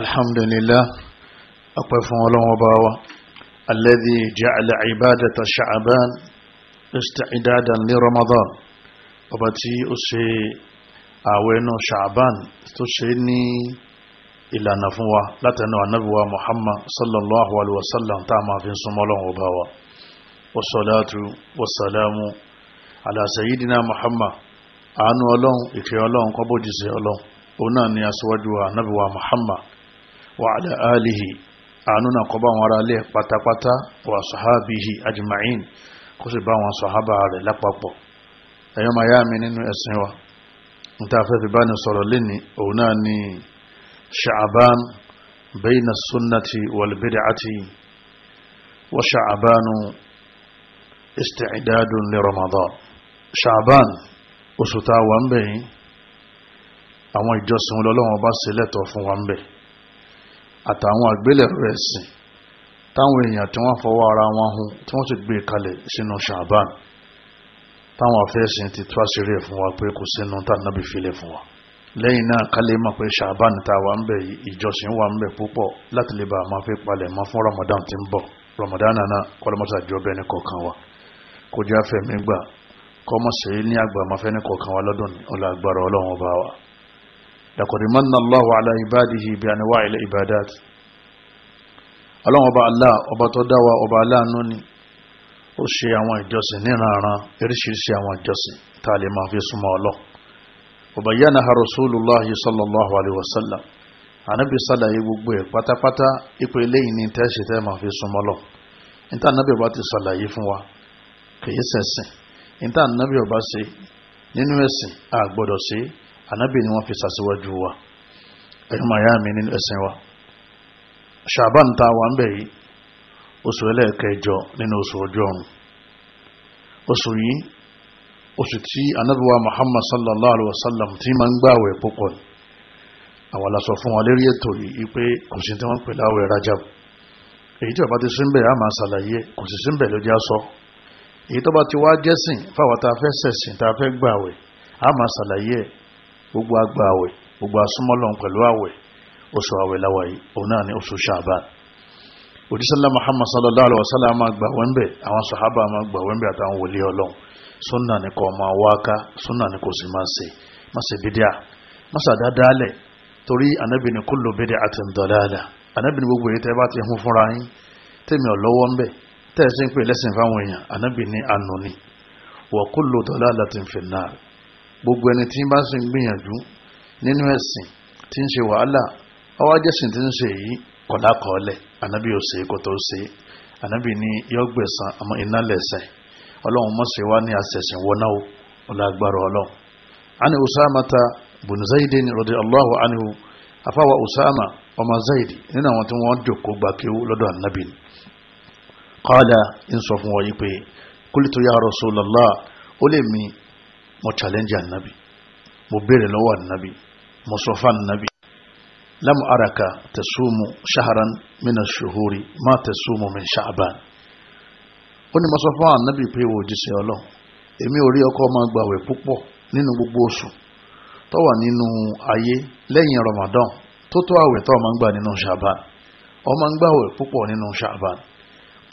alhamdulillah ọpẹ́ fún ọlọ́wọ́ bá wa alladhi ja'ala ibadata sha'ban isti'dadan li ramadan ọba tí ó ṣe àwẹ̀ inú sha'ban tó ṣe ní ìlànà fún wa látẹnu anábíwa muhammad sallallahu alaihi wasallam tá a máa fi súnmọ́ ọlọ́wọ́ bá wa wasalatu wasalamu ala sayyidina muhammad àánú ọlọ́run ìfẹ́ ọlọ́run kọ́bọ̀jì sí òun náà ni aṣíwájú anábíwa muhammad وعلى آله أننا قبا ورالي قطا قطا وصحابه أجمعين قصبا وصحابة على لقبا أيوم يامن إنه أسنوا متعفف بان صلى لني أوناني شعبان بين السنة والبدعة وشعبان استعداد لرمضان شعبان أسطا وانبه أما يجسم لله وباسلته فوانبه àtàwọn àgbélẹ̀rọ ẹ̀sìn táwọn èèyàn tí wọ́n fọwọ́ ara wọn hun tí wọ́n sì gbé e kalẹ̀ sínú ṣàbán táwọn afẹ́sìn ti tú àṣírí fún wa pé kò sínú tànàbí filẹ̀ fún wa lẹ́yìn náà kálẹ̀ mọ̀ pé ṣàbán tá wà ń bẹ̀ ìjọsìn wà ń bẹ̀ púpọ̀ láti lè bá a máa fi palẹ̀ mọ́ fún Ramadan tí ń bọ̀ Ramadan náà kọ́lọ́mọ́sá jọ bẹ́ẹ̀ ní kọ̀ọ̀kan wa kó jẹ́ afẹ́mi gbà kọ́mọ̀sẹ̀ ní àgbà máa fẹ́ ní kọ̀ọ̀kan wa lọ́dún ọ̀la Ọlọ́run ọba wa لقد من الله على عباده بأنواع العبادات ọlọ́run ọba Allah ọba tó dáwà ọba aláàánú ni ó ṣe àwọn ìjọsìn nínú àrán eríṣiríṣi àwọn ìjọsìn tá a lè máa fi súnmọ́ ọlọ́ ọba yánà ha Rasulullah sallallahu alaihi wasallam anábì sálàyé gbogbo ẹ̀ pátápátá ipò eléyìí ní tẹ́ṣì tẹ́ máa fi súnmọ́ lọ níta anábì ọba ti sálàyé fún wa kìí sẹ̀sìn níta anábì ọba ṣe nínú ẹ̀sìn a gbọ́dọ̀ ṣe é ànábì ni wọ́n fi sàṣíwájú wa ẹ̀yìn màá yá mi nínú ẹ̀sìn wa ṣàbán ta wà ń bẹ̀ yìí oṣù ẹlẹ́ẹ̀kẹjọ nínú oṣù ọjọ́ ọ̀run oṣù yìí oṣù tí ànábì wa Muhammad sallallahu alaihi wasallam tí máa ń gbààwẹ̀ púpọ̀ ni àwọn aláṣọ fún wọn lérí ètò yìí pé kò sí tí wọ́n pè láwẹ̀ Rajab èyí tí ọba ti sínbẹ̀ a máa ṣàlàyé kò sí sínbẹ̀ ló já sọ èyí tó ti wá jẹ́sìn fáwọn tá fẹ́ ṣẹ̀sìn tá a fẹ́ gbààwẹ̀ a máa ṣàlàyé gbogbo àgbà àwẹ̀ gbogbo asúmọ́lọ́n pẹ̀lú àwẹ̀ oṣù àwẹ̀ láwà yìí òun náà ni oṣù ṣàbán òdísọ́lá muhammad sallallahu alaihi wasallam máa gbà wọ́n bẹ̀ àwọn sàhábà máa gbà wọ́n bẹ̀ àtàwọn wòlé ọlọ́run súnà ni kò máa wáká súnà ni kò sì máa ṣe má ṣe bídíà má ṣàdá dálẹ̀ torí anábì ni kullu bid'atin dalalah anábì ni gbogbo èyí tẹ́ bá ti hun fúnra yín tẹ́mi ọ̀lọ́wọ́ ń bẹ̀ tẹ́ẹ̀ sí ń pè lẹ́sìn fáwọn èèyàn anábì ni ànú ni wa kullu dalalatin fin nar gbogbo ẹni tí bá sì ń gbìyànjú nínú ẹ̀sìn tí ń ṣe wàhálà ọwọ́ ajẹ́sìn tí ń ṣe yìí kọ̀lákọ̀ọ́lẹ̀ ànábì ò ṣe kò tó ṣe ànábì ní yọ́gbẹ̀sán àmọ́ iná lẹ̀sẹ̀ ọlọ́run mọ̀ ṣe wá ní àṣẹ̀sìn wọná o ọlọ́run. ani usama ta bùnú zayidi ni rọdí allahu anhu afáwa usama ọmọ zayidi nínú àwọn tí wọ́n jòkó gba kí lọ́dọ̀ ànábì ni. kọ́lá ń sọ fún wọn yìí pé kúlìtò ya rasulallah ó lè mi mo challenge anabi mo béèrè lọ́wọ́ anabi mo sọ fún anabi lam araka tasumu shahran min ash-shuhuri ma tasumu min sha'ban ó ní mo sọ fún anabi pé wo jíṣẹ́ ọlọ́ èmi ò rí ọkọ máa gbàwẹ̀ púpọ̀ nínú gbogbo oṣù tó wà nínú ayé lẹ́yìn ramadan tó tó àwẹ̀ tó máa ń nínú sha'ban ó máa ń gbàwẹ̀ púpọ̀ nínú sha'ban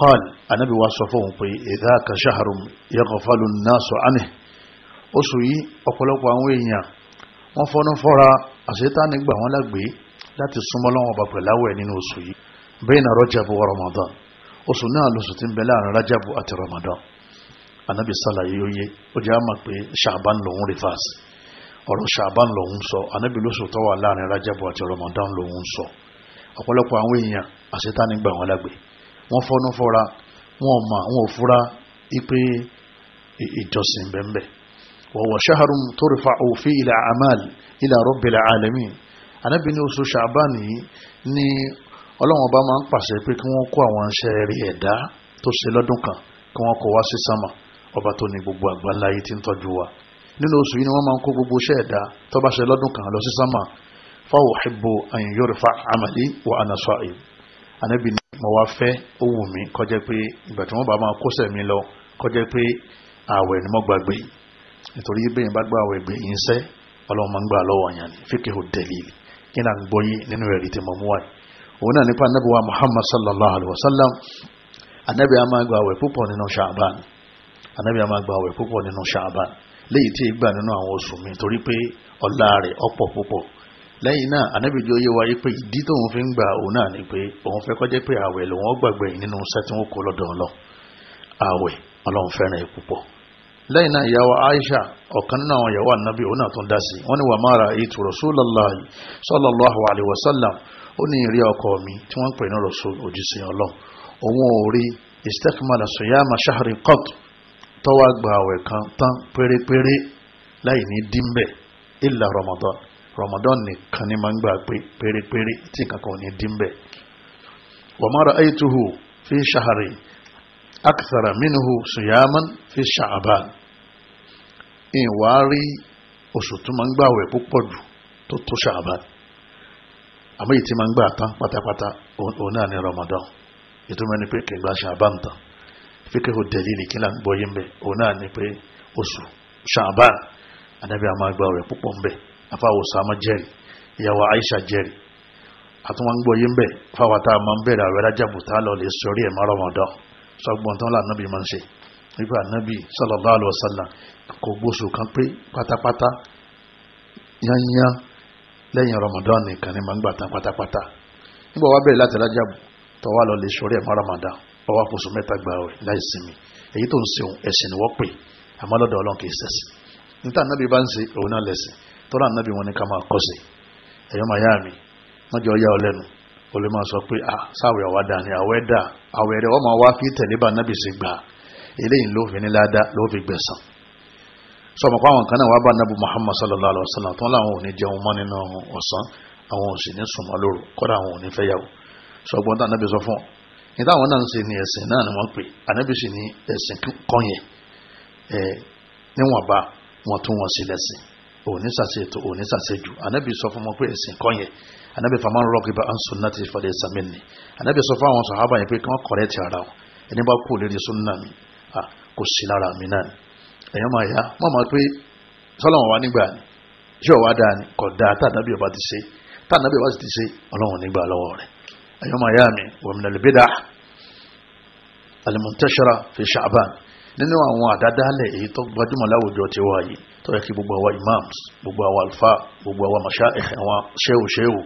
qal anabi wa sọ fún òun pé idha ka shahrun yaghfalu an-nasu anhu oṣù yìí ọ̀pọ̀lọpọ̀ àwọn èèyàn wọ́n fọ́nú fọ́ra àṣetáni gbà wọ́n lágbé láti súnmọ́ lọ́wọ́ ọba pẹ̀láwẹ̀ nínú oṣù yìí bayna Rajabu wa Ramadan oṣù náà lóṣù tí ń bẹ láàrin Rajabu àti Ramadan anabi sàlàyé oyé ó jẹ́ àmà pé ṣàbán lòun rìfàsì ọ̀rọ̀ ṣàbán lòun sọ anabi lóṣù tó wà láàrin Rajabu àti Ramadan lòun sọ ọ̀pọ̀lọpọ̀ àwọn èèyàn àṣetáni gbà wọ́n lágbé wọ́n fọ́nú fọ́ra wọn ò mà wọn ò fura ipe ìjọsìn bẹ́ẹ̀ bẹ́ẹ̀ وهو شهر ترفع فيه إلى أعمال إلى رب العالمين أنا ní oṣù Ṣàbán ni Ọlọ́run Ọba máa ń pàṣẹ pé kí wọ́n kó àwọn iṣẹ́ rí ẹ̀dá tó ṣe lọ́dún kan kí wọ́n kó wá sí sánmà ọba tó ní gbogbo àgbáláyé tí ń tọ́jú wa nínú oṣù yìí ni wọ́n máa ń kó gbogbo iṣẹ́ ẹ̀dá tó bá ṣe lọ́dún kan lọ sí sánmà fa uhibbu an yurfa amali wa ana sa'im Ànábì ní mo wá fẹ́ ó wù mí kó pé ìgbà tí wọ́n bá máa kó sẹ̀mí lọ kó pé ààwẹ̀ ni mo gbàgbé yìí nítorí bẹ́yìn bá gbà wẹ̀gbẹ̀ ìyínsẹ́ ọlọ́run máa ń gbà lọ́wọ́ àyàn ní fíkẹ́hù dẹ̀lìlì kí náà ń gbọ́ yí nínú ẹ̀rí tí mo mú wáyé òun náà nípa anábì muhammad sallallahu alaihi wasallam anábì a máa gbà wẹ̀ púpọ̀ nínú ṣàbán anábì a máa gbà wẹ̀ púpọ̀ nínú ṣàbán léyìí tí gbà nínú àwọn oṣù mi torí pé ọlá rẹ̀ ọ̀pọ̀ púpọ̀ lẹ́yìn náà anábì jọ yé wáyé pé ìdí tóun fi ń gbà òun náà ni pé òun fẹ́ kọjá pé àwẹ̀ lòun gbàgbẹ́ nínú iṣẹ́ tí wọ́n kó lọ́dọ̀ ọlọ́ àwẹ̀ ọlọ́run fẹ́ràn ẹ̀ púpọ̀ lẹ́yìn náà ìyàwó Aisha ọ̀kan náà ìyàwó ànábì òun náà tún dá sí wọ́n ní wà máa ra ètò Rasulullah sallallahu alaihi wasallam ó ní ìrí ọkọ mi tí wọ́n ń pè ní Rasul òjíṣẹ́ Ọlọ́run òun ò rí istakmala siyama shahri qat tọ́wọ́ gba àwẹ̀ kan tán pérépéré láì ní dínbẹ̀ illa Ramadan Ramadan nìkan ni máa ń gbà pé pérépéré tí kankan ò ní dínbẹ̀ wà máa ra ètò fi shahri akthara minhu siyaman fi sha'ban ìwà rí oṣù tó máa ń gbàwẹ̀ púpọ̀ jù tó tó ṣàbàn àmọ́ èyí tí máa ń gbà tán pátápátá òun náà ní Ramadan ètò mẹ́ni pé kì í gba ṣàbàn tán fíkẹ́ kò dẹ̀lí ní kílà ń gbọ́ yín bẹ́ẹ̀ òun náà ní pé oṣù ṣàbàn anábì àmọ́ gbàwẹ̀ púpọ̀ ń bẹ̀ afáwọ̀ sàmọ́ jẹ́rì ìyàwó Aisha jẹ́rì àtúnwọ́n ń gbọ́ yín bẹ́ẹ̀ fáwọn tá a máa ń bẹ̀rẹ̀ àwẹ̀ rájàbù tá nípa ànábì sallallahu alaihi wasallam kò gbóṣù kan pé pátápátá yányán lẹ́yìn Ramadan nìkan ni màá gbà tán pátápátá nígbà wá bẹ̀rẹ̀ láti lájàbù tọ́wá lọ lè sọ̀rọ̀ ẹ̀mọ́ Ramadan ọwọ́ àpòsù mẹ́ta gbà rẹ̀ láì sinmi èyí tó ń seun ẹ̀sìn ni wọ́n pè àmọ́ lọ́dọ̀ ọlọ́run kì í sẹ̀sìn níta ànábì bá ń ṣe òun náà lẹ̀sìn tọ́lá ànábì wọn ni ká máa kọ́sẹ̀ ẹ̀yọ́ máa yá mi mọ́jọ́ yá ọ lẹ́nu o lè máa sọ pé ah sáwẹ̀ ọ̀wá dà àwẹ̀ dà àwẹ̀ rẹ̀ wọ́n máa wá fi tẹ̀lé bá ànábì ṣe gbà eléyìí ló fi ní ládá ló fi gbẹ̀sán sọmọ pa àwọn kan náà wàá bá nabu muhammad sallallahu alaihi wa sallam tó ń láwọn ò ní jẹun mọ́ nínú ọ̀sán àwọn ò sì ní sùnmọ́ lóru kọ́dà àwọn ò ní fẹ́ yàwó sọgbọ́n tá ànábì sọ fún ọ ní táwọn náà ń ṣe ní ẹ̀sìn náà ni wọ́n pè ànábì sì ní ẹ̀sìn kan yẹn níwọ̀nba wọn tún wọn sí lẹ́sìn òní sàṣe ètò òní sàṣe jù ànábì sọ fún wọn pé ẹ̀sìn kan yẹn ànábì fama rọ kí bá ń sùn ti fọdẹ sàmì ni ànábì sọ fún àwọn sàhábà yẹn pé kí wọ́n kọ̀rẹ́ ti ara wọn ẹni bá kú lórí sunna mi Ah, kò sí lára mi náà èèyàn máa yá wọ́n máa pé sọ́lọ́wọ́n wa nígbà ni ṣé ọ̀wá dáa ni kò dáa tá ànábì ọba ti ṣe tá ànábì ọba ti ṣe ọlọ́run nígbà lọ́wọ́ rẹ̀ èèyàn máa yá mi wọ̀mìnà lè bídà alimuntashara fi ṣàbàn nínú àwọn àdádálẹ̀ èyí tó gbajúmọ̀ láwùjọ ti wá yìí tó yẹ kí gbogbo àwa imams gbogbo àwa alfa gbogbo àwa mashaikh àwọn ṣéwù ṣéwù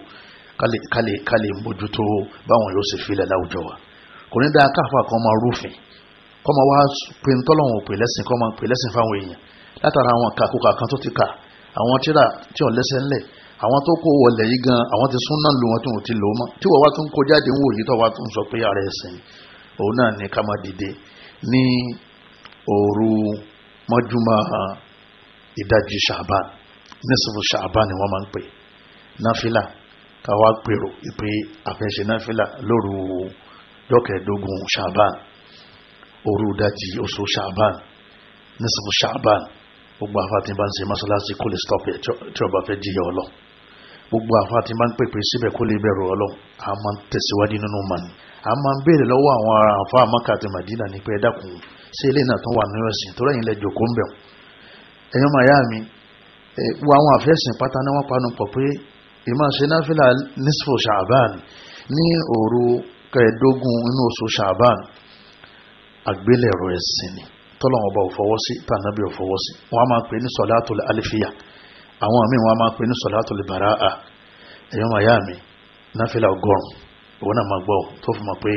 kálí kálí mójútó báwọn yóò ṣe filẹ̀ láwùjọ wa kò ní dáa káfà kan máa rúfin kọ́mọ wá pè ń tọ́lọ́wọ̀n pè lẹ́sìn kọ́mọ pè lẹ́sìn fáwọn èèyàn látara àwọn kàkókà kan tó ti kà àwọn tíra tí ò lẹ́sẹ̀ ńlẹ̀ àwọn tó kó wọlé yìí gan àwọn ti sún náà lò wọn tí wọn ti lò ó mọ́ tí wọ́n wá tún kó jáde ń wò yìí tó wá tún sọ pé ara ẹ̀sìn òun náà ní ká dìde ní òru mọ́júmọ́ ìdajì ṣàbán nísìfù ṣàbán ni wọ́n máa ń pè náfìlà káwá pèrò ìpè àfẹ́ṣe náfìlà lóru jọ́kẹ̀ẹ́dógún ṣàbán òru ìdajì oṣù ṣàbán nísìbò ṣàbán gbogbo àfàtì bá ń ṣe mọ́ṣáláṣí kó lè stop ẹ̀ tí ọba fẹ́ jìyà ọlọ́ gbogbo àfàtì bá ń pèpè síbẹ̀ kó lè bẹ̀rù ọlọ́ a máa ń tẹ̀síwájú nínú mani a máa ń béèrè lọ́wọ́ àwọn ará àfa àmọ́kà àti màdínà ní pé ẹ dákun sí ilé náà tó wà nínú ẹ̀sìn tó lẹ́yìn lẹ́jọ́ kó ń bẹ̀ ẹ̀yọ́ màyá mi wo àwọn àfẹ́sìn pátá ní wọ́n panu pọ̀ pé ìmọ̀ ṣe náfìlà nísìfò ṣàbán ní òru kẹẹ̀ẹ́dógún inú oṣù ṣàbán àgbélẹ̀rọ ẹ̀sìn ni tọ́lọ́wọ́n ọba ò fọwọ́ sí tànàbí ò fọwọ́ sí wọ́n á máa pè ní sọ̀látò alifiya àwọn míì wọ́n á máa pè ní sọ̀látò bàráà ẹ̀yọ́ màá yá mi náfìlà ọgọ́rùn ìwọ náà máa gbọ́ tó fi mọ̀ pé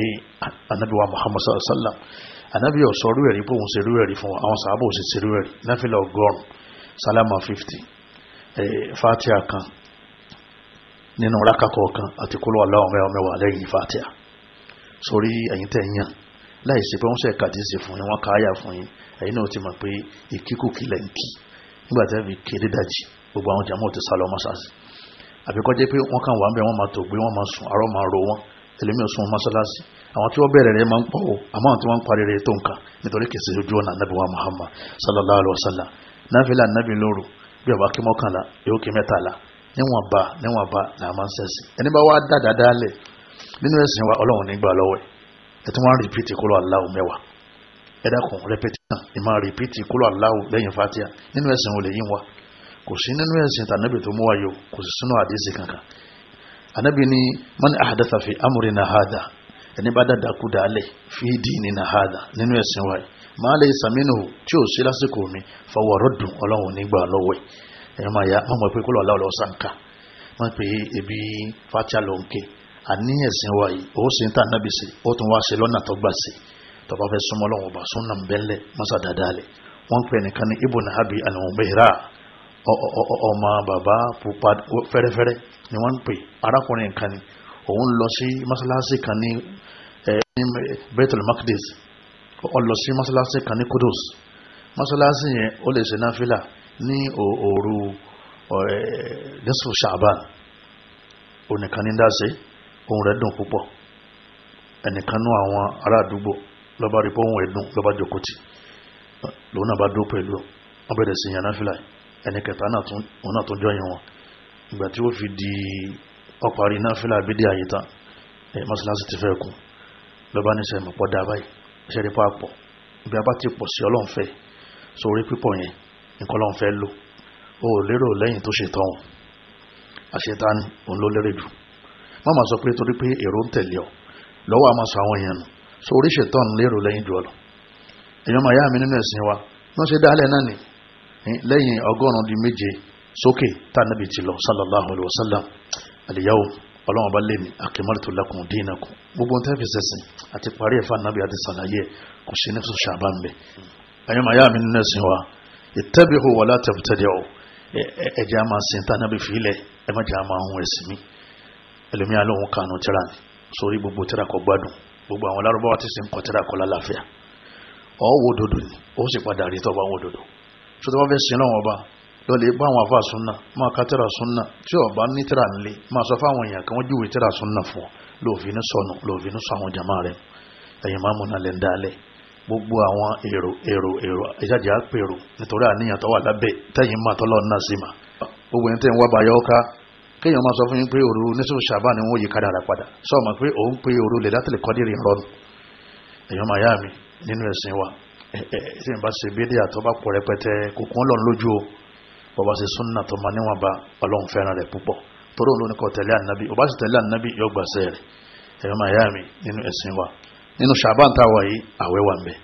anabi wa muhammad sallallahu alaihi wa sallam anabi ò sọ rúwẹ̀rí pé òun ṣe rúwẹ̀rí fún wa àwọn sàábò sì ṣe rúwẹ̀rí náfìlà ọgọ́rùn sálámà 50 fatiha kan nínú rákàkọ̀ọ̀kan àti láì ṣe pé wọ́n ṣe kàdísì fún yín wọ́n ká àyà fún yín ẹ̀yin náà ti mọ̀ pé ìkíkùkí lẹ̀ ń kí nígbà tí wọ́n fi kéde dájì gbogbo àwọn jàmọ́ ti sá lọ mọ́ṣáláṣí àbíkọ́jẹ́ pé wọ́n kàn wà ń bẹ wọ́n máa tò gbé wọ́n máa sùn àárọ̀ máa ro wọn ẹlẹ́mí ọ̀sùn mọ́ṣáláṣí àwọn tí wọ́n bẹ̀rẹ̀ rẹ̀ máa ń pọ̀ o àmọ́ àwọn tí wọ́n ń parí rẹ̀ tó nǹkan nítorí kìí ṣe ọ̀nà anábì wa Muhammad sallallahu alaihi wa sallam náfìlà anábì lóru bí ọba kí mọ́kànlá yóò kí mẹ́tàlá níwọ̀n ba níwọ̀n ba làá máa ń ṣẹ̀sìn ẹni bá wá dáadáa dálẹ̀ nínú ẹ̀sìn wa Ọlọ́run nígbà lọ́wọ́ ẹ̀ ẹ̀tún wá rìpítì kúrò aláwọ̀ mẹ́wàá ẹ̀dàkùn rẹpẹtíṣàn ìmá rìpítì kúrò aláwọ̀ lẹ́yìn fatia nínú ẹ̀sìn olè yín wa kò sí nínú ẹ̀sìn tànàbì tó mú wa yọ kò sí sínú àdéṣe kankan anábì ni man ahdatha fi amrina hadha ẹni bá dàda kú dàálẹ̀ fi dinina hadha nínú ẹ̀sìn wa máa lè sàmínú tí ò sí lásìkò mi fọwọ́ rọ́dùn ọlọ́run nígbà lọ́wọ́ ẹ̀ máa ya mọ̀ pé kúrò aláwọ̀ lọ́sàn ebi fatia ló àníyàn sin wa yìí ó sì ń tà nábì sí ó tún wá ṣe lọ́nà tó gbà sí tó bá fẹ́ súnmọ́ lọ́wọ́ bá súnà bẹ́ńlẹ̀ mọ́sá dáadáa lẹ̀ wọ́n pè nìkan ní ibùn abi al ọmọ bàbá pupa fẹ́rẹ́fẹ́rẹ́ ni wọ́n pè arákùnrin kan ni òun lọ sí masalasi kan ní Baitul Maqdis ó lọ sí masalasi kan ní Kudus masalasi yẹn ó lè ṣe náfìlà ní òru nisfu Sha'ban onìkan ní dáṣe ohun rẹ̀ dùn púpọ̀ ẹnìkan nú àwọn ará àdúgbò lọ́ba rí pọ́hùn ẹ̀dùn lọ́ba jòkótì lòun náà bá dó pẹ̀lú wọn bẹ̀rẹ̀ sí yànnà fìlà ẹnì kẹta náà tún jọyìn wọn ìgbà tí ó fi di ọparí náà fìlà bídí àyè tán mọ́sálásí ti fẹ́ kù lọ́ba ní sẹ́mi pọ́ dá báyìí iṣẹ́ rí pàpọ̀ ibi abá ti pọ̀ sí ọlọ́run fẹ́ sórí pípọ̀ yẹn nǹkan ọlọ́run fẹ́ lò ó lérò lẹ́yìn tó ṣe tán wọn àṣetán òun ló lérè jù má máa sọ pé torí pé èrò ń tẹ̀lé ọ lọ́wọ́ a máa sọ àwọn èèyàn nù so oríṣi tọ́ọ̀nù lérò lẹ́yìn jù ọ lọ èèyàn máa yá mi nínú ẹ̀sìn wa wọ́n ṣe dálẹ̀ náà ni eh, lẹ́yìn ọgọ́rùn-ún di méje sókè tánàbì ti lọ sallallahu alayhi wa sallam àlìyáwó ọlọ́wọ́n bá lè mi akmaltu lakum dinakum gbogbo tẹ́ fi sẹ́sìn àti parí ẹ̀fà nàbì àti sàlàyé kò sí ní sọ́sọ́ àbá ń bẹ̀ ẹ̀yọ́ màá ẹlòmíà lóhun kanu tíra ni sórí gbogbo tíra kọ gbádùn gbogbo àwọn lárúbáwá ti sì ń kọ tíra lálàáfíà ọwọ́ òdodo ni ó sì padà rí tọ́ bá wọn òdodo tó tó bá fẹ́ sin lọ́wọ́ ọba lọ́lẹ̀ bá àwọn àfa súnà máa ka tíra súnà tí ọba ní tíra nílé máa sọ fáwọn èèyàn kan wọ́n júwe tíra súnà fún ọ lóòfin ní sọnù lóòfin ní sọ àwọn jàmá rẹ ẹ̀yìn máa múná lẹ́ dálẹ̀ gbogbo àwọn èrò èrò èrò ìjáde àpèrò nítorí àníyàn tó wà lábẹ́ tẹ́yìn máa tọ́lọ́ náà sí ma gbogbo ẹni tẹ́yìn wá bá ká kéèyàn máa sọ fún yín pé òru nísòwò ṣàbá ni wọ́n yí kádàrà padà sọ ma pé òun pé òru lè dátìlẹ̀ kọ́dírì rọrùn èèyàn máa yá mi nínú ẹ̀sìn wa tí n bá ṣe bídíà tó bá pọ̀ rẹpẹtẹ kòkún ọlọ́run lójú o bọ́ba ṣe súnà tó máa níwọ̀n bá ọlọ́run fẹ́ràn rẹ̀ púpọ̀ torí òun ló ní kọ́ tẹ̀lé ànábì ọba sì tẹ̀lé ànábì yọ gbàṣẹ rẹ̀ èèyàn máa yá mi nínú ẹ̀sìn wa nínú ṣàbá ń táwa yìí àwẹ̀ wà ń bẹ̀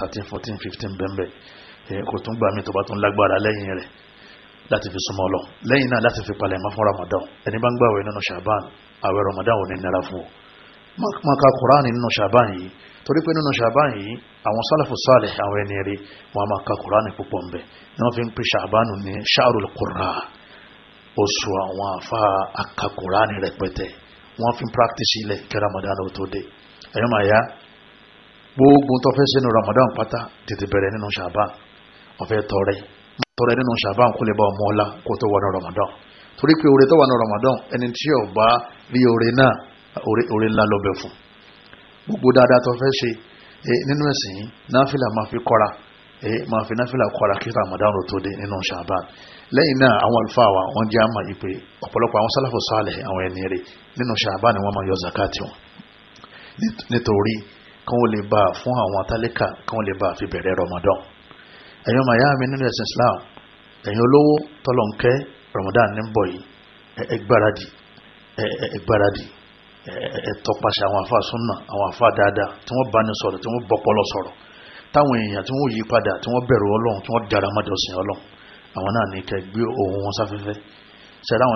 thirteen fourteen fifteen bẹ́ẹ̀ kò tún gbà mí tó bá tún lágbára lẹ́yìn rẹ̀ láti fi súnmọ́ lọ lẹ́yìn náà láti fi palẹ̀ mọ́ fún Ramadan ẹni bá ń gbàwẹ̀ nínú Ṣàbán àwẹ̀ Ramadan ò ní nira fún ọ má ka Kùránì nínú Ṣàbán yìí torí pé nínú Ṣàbán yìí àwọn sálàfù sálẹ̀ àwọn ẹni rí wọn máa ka Kùránì púpọ̀ ń bẹ̀ ni wọ́n fi ń pè Ṣàbán ní ṣáàrùl kùrà oṣù àwọn àfa aka Kùránì rẹpẹtẹ wọ́n fi ń practice ilẹ̀ kí Ramadan ó tó dé ẹ̀yọ́ màá yá gbogbo tó fẹ́ sínú Ramadan pátá tètè bẹ̀rẹ̀ nínú Ṣàbán ọ̀fẹ́ tọrẹ tọrẹ nínú ṣàbáwọn kó lè bá ọmọ ọlá kó tó wà ní Ramadan torí pé oore tó wà ní Ramadan ẹni tí ò bá rí oore náà oore ńlá ló bẹ fún gbogbo dáadáa tó fẹ́ ṣe nínú ẹ̀sìn yìí náfìlà máa fi kọ́ra máa fi náfìlà kọ́ra kí Ramadan tó dé nínú ṣàbáwọn lẹ́yìn náà àwọn àlùfáà wa wọ́n jẹ́ àmà ìpè ọ̀pọ̀lọpọ̀ àwọn sálàfù sálẹ̀ àwọn ẹni rẹ̀ nínú ṣàbáwọn ni wọ́n máa yọ zakati wọn nítorí kí wọ́n lè bá fún àwọn atálẹ́kà kí wọ́n lè bá fi bẹ̀rẹ̀ Ramadan ẹ̀yin ọmọ ìyá mi nínú ẹ̀sìn Islam ẹ̀yin olówó tọ́lọ̀nkẹ́ Ramadan ní bọ̀ yìí ẹgbáradì ẹgbáradì ẹtọpasẹ̀ àwọn àfa súnà àwọn àfa dáadáa tí wọ́n bá ní sọ̀rọ̀ tí wọ́n bọ́pọ̀lọ sọ̀rọ̀ táwọn èèyàn tí wọ́n yí padà tí wọ́n bẹ̀rù Ọlọ́run tí wọ́n dára mọ́dọ̀sìn Ọlọ́run àwọn náà ní kẹ́ gbé ohun wọn sáfẹ́fẹ́ ṣẹlẹ̀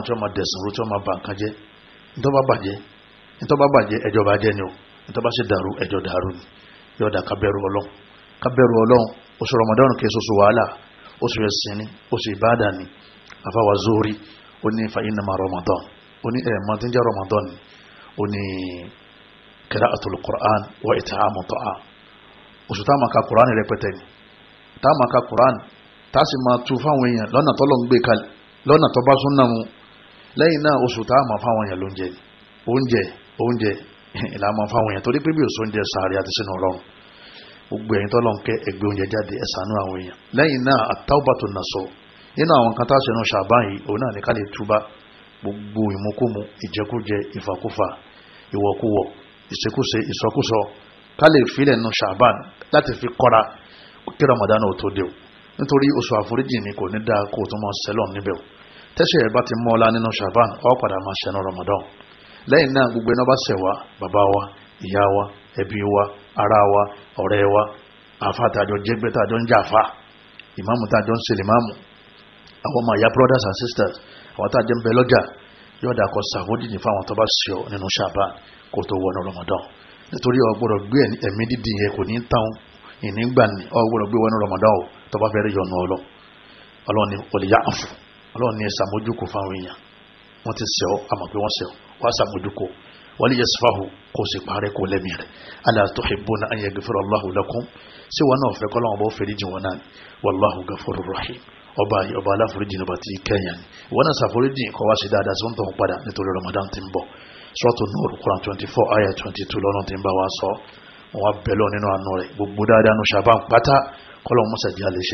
àwọn tí wọ́n oṣù Ramadan kìí ṣoṣù wàhálà oṣù ẹ̀sìn ni oṣù ìbáàdà ni afáwà zórí ó ní fàyínàmà Ramadan ó ní ẹ̀ẹ̀mà eh, tí jẹ́ Ramadan ó ní qira'atul Qur'an wa it'amu ta'am oṣù táàmà ka Qur'an rẹpẹtẹ ni táàmà ka Qur'an táàsì máa tu fáwọn èèyàn lọ́nà tó lọ́n gbé kalẹ̀ lọ́nà tó bá súnà mu lẹ́yìn náà oṣù táàmà fáwọn èèyàn lóúnjẹ oúnjẹ oúnjẹ ìlànà fáwọn èèyàn torí pé bí òṣòúnjẹ sàárẹ̀ àti sínú ọlọ́run gbogbo ẹ̀yin tọ́lọ̀ ń kẹ́ ẹgbẹ́ oúnjẹ jáde ẹ̀sánú àwọn èèyàn lẹ́yìn náà àtàwùbàtò nàṣọ nínú àwọn kan tá a ṣẹnu ṣàbá yìí òun náà ní ká lè túbá gbogbo ìmúkúmu ìjẹkújẹ ìfàkúfà ìwọ̀kúwọ̀ ìṣekúṣe ìsọkúsọ ká lè filẹ̀ nu ṣàbá láti fi kọ́ra kí Ramadan ò tó dé o nítorí oṣù àforíjì ni kò ní dáa kó o tún mọ sẹlọ̀ níbẹ̀ o tẹ́sẹ̀ ẹ̀ bá ti mọ́ nínú ṣàbá ọ Ramadan lẹ́yìn náà gbogbo ẹ̀ náà bá ṣẹ̀wá bàbá ara wa ọ̀rẹ́ wa àfa tàjọ jẹgbẹ́ tàjọ ń jàfa ìmáàmù tàjọ ń ṣẹlẹ̀ máàmù àwọn ọmọ ìyá brothers and sisters àwọn tàjọ ń bẹ lọ́jà yóò dà kọ sàfódìní fáwọn tó bá ṣọ nínú ṣàbá kó tó wọnú Ramadan nítorí ọgbọ́dọ̀ gbé ẹ̀mí dídì yẹn kò ní tán ìnígbà ni ọgbọ́dọ̀ gbé wọnú Ramadan o tó bá fẹ́rẹ̀ yọnu ọlọ Ọlọ́run ni olùyá àfọ Ọlọ́run ni ṣàmójúkò fáwọn èèyàn wọ́n ti ṣe ọ́ pé wọ́n ṣe wọ́n ṣàmójúkò wali yasfahu kò sì parẹ́ kò lẹ́mí rẹ̀ ala tuhibbuna an yaghfira Allahu lakum sí wọn náà fẹ́ kọ́lọ́wọ́n bọ́ fèrè jìn wọn náà wallahu ghafurur rahim ọba yìí ọba aláforíjìn ọba ti kẹ́yà ni wọn náà ṣàforíjìn kọ́ wá sí dáadáa sí wọn tó ń padà nítorí Ramadan ti ń bọ̀ Suratu Nur Quran twenty four ayah twenty two lọ́nà ti ń bá wa sọ wọn bẹ̀ lọ nínú àánú rẹ̀ gbogbo dáadáa nu ṣàbá pátá kọ́lọ́wọ́n mọ́sàdí àlẹ́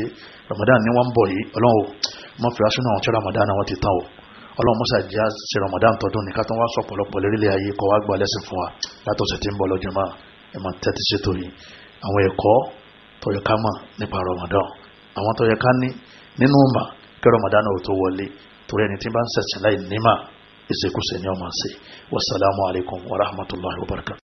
Ramadan ni wọ́n ń bọ̀ yìí ọlọ́wọ́ mọ́fìlásùn náà wọn tí Ramadan náà wọ́n ti tán o ọlọ́mọsà já ṣe Ramadan tọdún ní kátó wá sọ pọ̀lọpọ̀ lérílẹ̀ ayé kọ́ wá gbà lẹ́sìn fún wa látọ̀sẹ̀ tí ń bọ̀ lọ́jọ́ máa ẹ máa tẹ́tí ṣètò yìí àwọn ẹ̀kọ́ tọ̀yọ̀ ká mọ̀ nípa Ramadan àwọn tọ̀yọ̀ ká ní nínú mà kí Ramadan ò tó wọlé torí ẹni tí bá ń ṣẹ̀sìn láì nímà ìṣekúṣe ni ọmọ ṣe wasalaamu alaykum wa rahmatulahi wa barakatuh.